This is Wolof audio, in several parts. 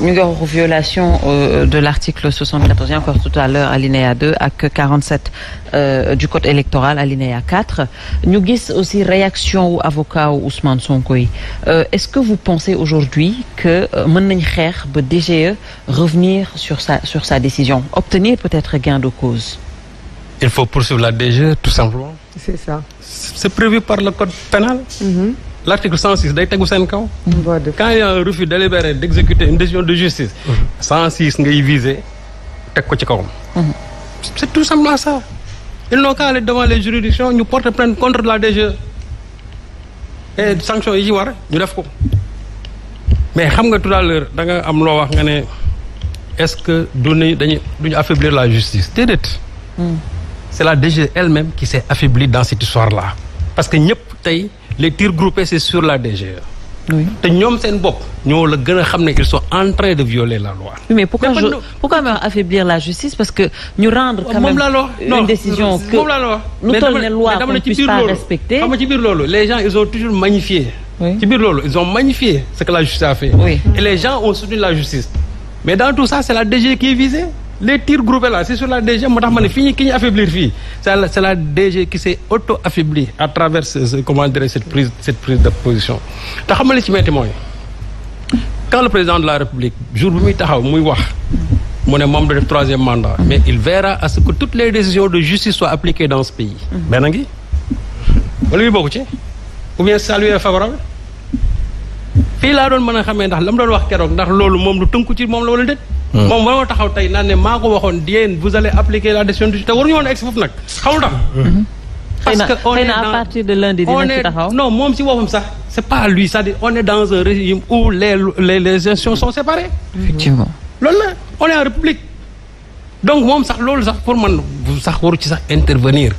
ñu ngi waxu violation euh, euh, de l'article 74 yi encore tout à l'heure alinéa 2 ak 47 euh, ñu gis aussi réaction wu avocat yi est-ce que vous pensez aujourd'hui que mën nañ xeex ba DGE revenir sur sa sur sa décision obtenir peut-être gain de cause il faut poursuivre la DGE tout simplement c'est l' article 106 day tegu seen kaw. quand il y a un refus délibéré d' exécuter une décision de justice. Mhm. ngay viser teg ko ci kawam. Mhm. c' est tout simplement ça. ils n'ont qu'à aller devant les juridictions ñu porter plainte contre la DGE. et sanction yi ci war ñu def ko. mais xam nga tout à l'heure da nga am loo wax nga ne est-ce que duñu dañu duñu affaiblir la justice déedéet. Mhm. c' est la DGE elle-même qui s' est affaiblie dans cette histoire là. parce que ñëpp tey. les tirs groupés c'est sur la DGE. te ñoom seen bopp ñoo la gën ils sont en train de violer la loi. pourquoi mais affaiblir la justice parce que ñu rendre. quand même une décision que moom la loi lu toll ne loi pas respecter. xam nga ci les gens ils ont toujours magnifié. ci biir ils ont magnifié ce que la justice a fait. et les gens ont soutenu la justice. mais dans tout ça c'est la DGE qui est visée. les tirs groupés là c'est sur la DG moo tax ma ne fii ki ñu affaiblir fii c'est la DG qui s'est auto affaiblie à travers comment dirais cette prise cette prise de position te xam ma li ci metti mooy quand le président de la République jour bi muy taxaw muy wax mu ne moom du def troisième mandat mais il verra à ce que toutes les décisions de justice soient appliquées dans ce pays na ngi wala muy bokk ci ou bien saluer favorable fii laa doon mën a xamee ndax la mu doon wax keroog ndax moom lu tënku ci moom la wala Hmm. moom waroo taxaw tey naan ne maa ko waxoon yéen vous allez appliquer la décision du te waruñu woon egg si foofu nag xamul tax hmm. Hmm. parce que on est de lundi dina ci taxaw moom si woofam sax c'est pas lui c'est-à-dire on est dans un régime où les les les institutions sont séparées. effectivement loolu la on est en république. donc moom sax loolu sax pour man sax waru ci sax intervenir.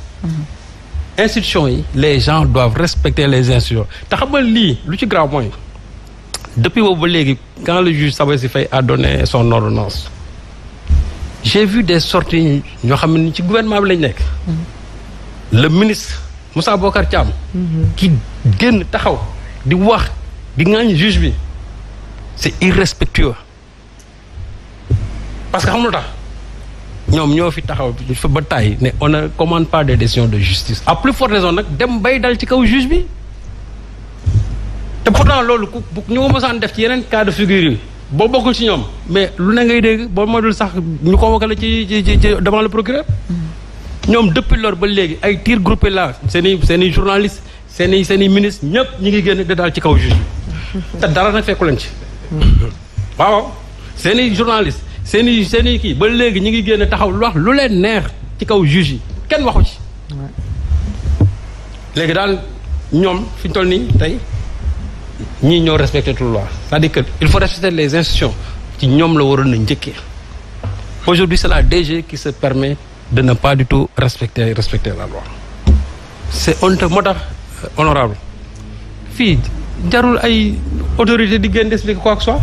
institutions yi les gens doivent respecter les institutions te xam nga lii lu ci grave mooy. depuis boobu ba léegi quand le juge Sabassy Faye a donné son ordonnance j'ai vu des sorti ñoo xam ne ci gouvernement bi lañ nekk le ministre Moussa Bocar Thiam ki génn taxaw di wax di ŋaañ juge bi c'est irrespectueux parce que xam lu tax ñoom ñoo fi taxaw fa ba tàyyi ne on ne commande pas des décisions de justice à plus forte raison nag dem bay dal ci kaw juge bi te pourtant loolu ku ñu ko mosaan def ci yeneen cas de figure boo bokkul ci ñoom mais lu ne ngay dégg boo ma dul sax ñu convoqué la ci ci ci devant le procureur. ñoom depuis lors ba léegi ay tir groupé la seen i seen i journaliste seen i seen ministre ñëpp ñu ngi génn di daal ci kaw juge te dara fekku leen ci. waaw seen i journaliste seen i seen i kii ba léegi ñu ngi génn taxaw lu wax lu leen neex ci kaw juge yi kenn waxu ci. léegi daal ñoom fi ñu toll nii tey. ñii ñoo respecté tout loi c'est-à-dire que il faut respecter les institutions ci ñoom la waroon na njëkkee aujourd'hui c'est la DG qui se permet de ne pas du tout respecter respecter la loi c'est honte moo tax euh, honorable fii jarul ay autorité di génn expliquer quoi que soit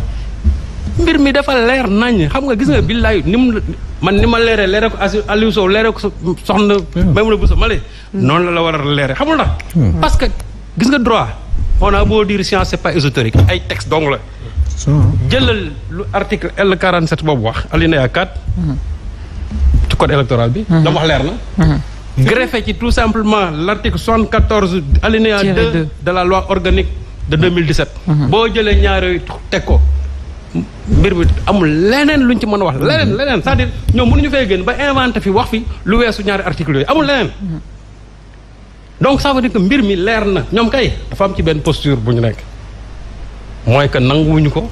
mbir mi dafa leer nañ xam nga gis nga billaay ni mu man ni ma leeree leeree ko Aliou Sow leeree ko soxna hmm. Maimouna Bousso Male hmm. noonu la la war a leeree xamul tax hmm. parce que gis nga droit on a beau dire science c'est pas ésotérique ay texte dong la. jëlal lu article L 47 boobu wax alinéa 4. ci hmm. code électoral bi. la hmm. wax leer na. Hmm. greffé ci tout simplement l'article 74 alinéa 2 de la loi organique de 2017. boo jëlee ñaar teg ko. mbir bi amul leneen luñ ci mën a wax leneen leneen c'est-à-dire ñoom mënuñu fay génn ba inventé fi wax fi lu weesu ñaari articles yooyu amul leneen. donc ça veut dire que mbir mi leer na ñoom kay dafa am ci benn posture bu ñu nekk mooy que nanguwuñu ko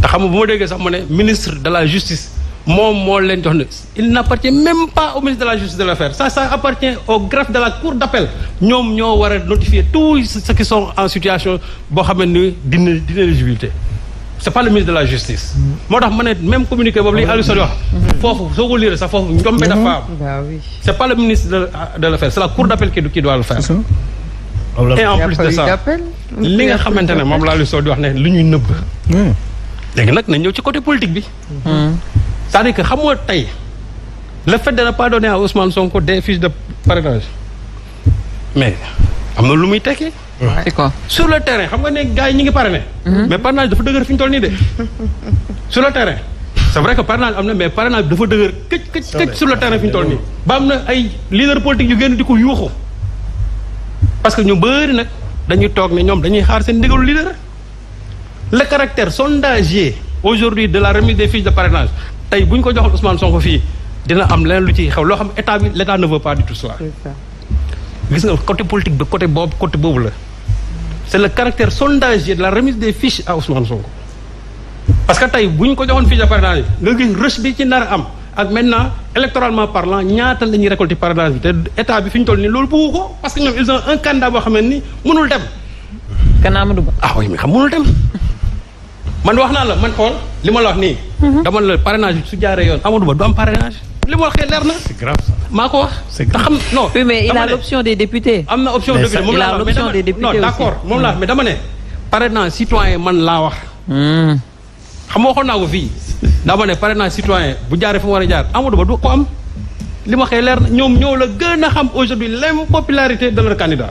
te xam nga bu ma déggee sax mu ne ministre de la justice moom moo leen jox ne il n'appartient même pas au ministre de la justice de l'affaire ça ça appartient au greffe de la cour d'appel ñoom ñoo war a notifier tous ceux qui sont en situation boo xam ne ni dina dina éligibilité c' est pas le ministre de la justice. moo tax ma ne même communiqué boobu li Aliou Sow wax. foofu soo ko lire sax foofu njombe dafa am. Mhm. c' est pas le ministre de de le faire la cour d' appel qui qui doit le faire. et en plus de ça li nga xamante ne moom la Aliou Sow di wax ne lu ñuy nëbb. Hmm. léegi nag na ñëw ci côté politique bi. Hmm. c' est à dire que xam nga tey le fait de ne pas donner à Ousmane Sonko des fiches de parrainage mais am na lu muy tekki. c'est quoi sur le terrain xam nga ne gars yi ñu ngi parrainé. Mhm. mais parrainage dafa dëgër fi ñu toll nii de. sur le terrain c'est vrai que parrainage am na mais parrainage dafa dëgër këj këj këj sur le terrain fi ñu toll nii. ba am na ay leader politique yu génn di ko yuuxu parce que ñu bëri nag dañuy toog ne ñoom dañuy xaar seen ndigalu leader. le caractère sondagier aujourd'hui de la remise des fiches de parrainage tey bu ñu ko joxoon Ousmane Sonko fii dina am leneen lu ciy xew loo xam état bi l'état ne veut pas gis nga côté politique bi côté boobu côté boobu la c'est le caractère sondage de la remise de fiches à Ousmane Sonko parce que tey bu ñu ko joxoon fiche de parrainage nga gis rush bi ci nar a am ak maintenant électoralement parlant ñaata la ñuy récolter parrainage bi te état bi fi ñu toll nii loolu bëggu ko parce que ñoom ils ont un candidat boo xamante ni mënul dem. kan Amadou Ba. ah oui mais xam mënul dem man wax naa la man xool li ma la wax nii. Mhm. dama la parrainage bi su jaaree yoon Amadou Ba du am li mu wax kay leer na. maa ko wax. c'est xam non. oui mais il a l'option des députés. am na option des députés moom laa wax mais non d'accord moom laa mais dama ne. parrainage citoyen man laa wax. Hmm. xam nga waxoon naa ko fii. dama ne na citoyen bu jaaree fu mu war a jaar Amadou Ba du ko am. li ma xëy leer na ñoom ñoo la gën a xam aujourd'hui l'impopularité de leur candidat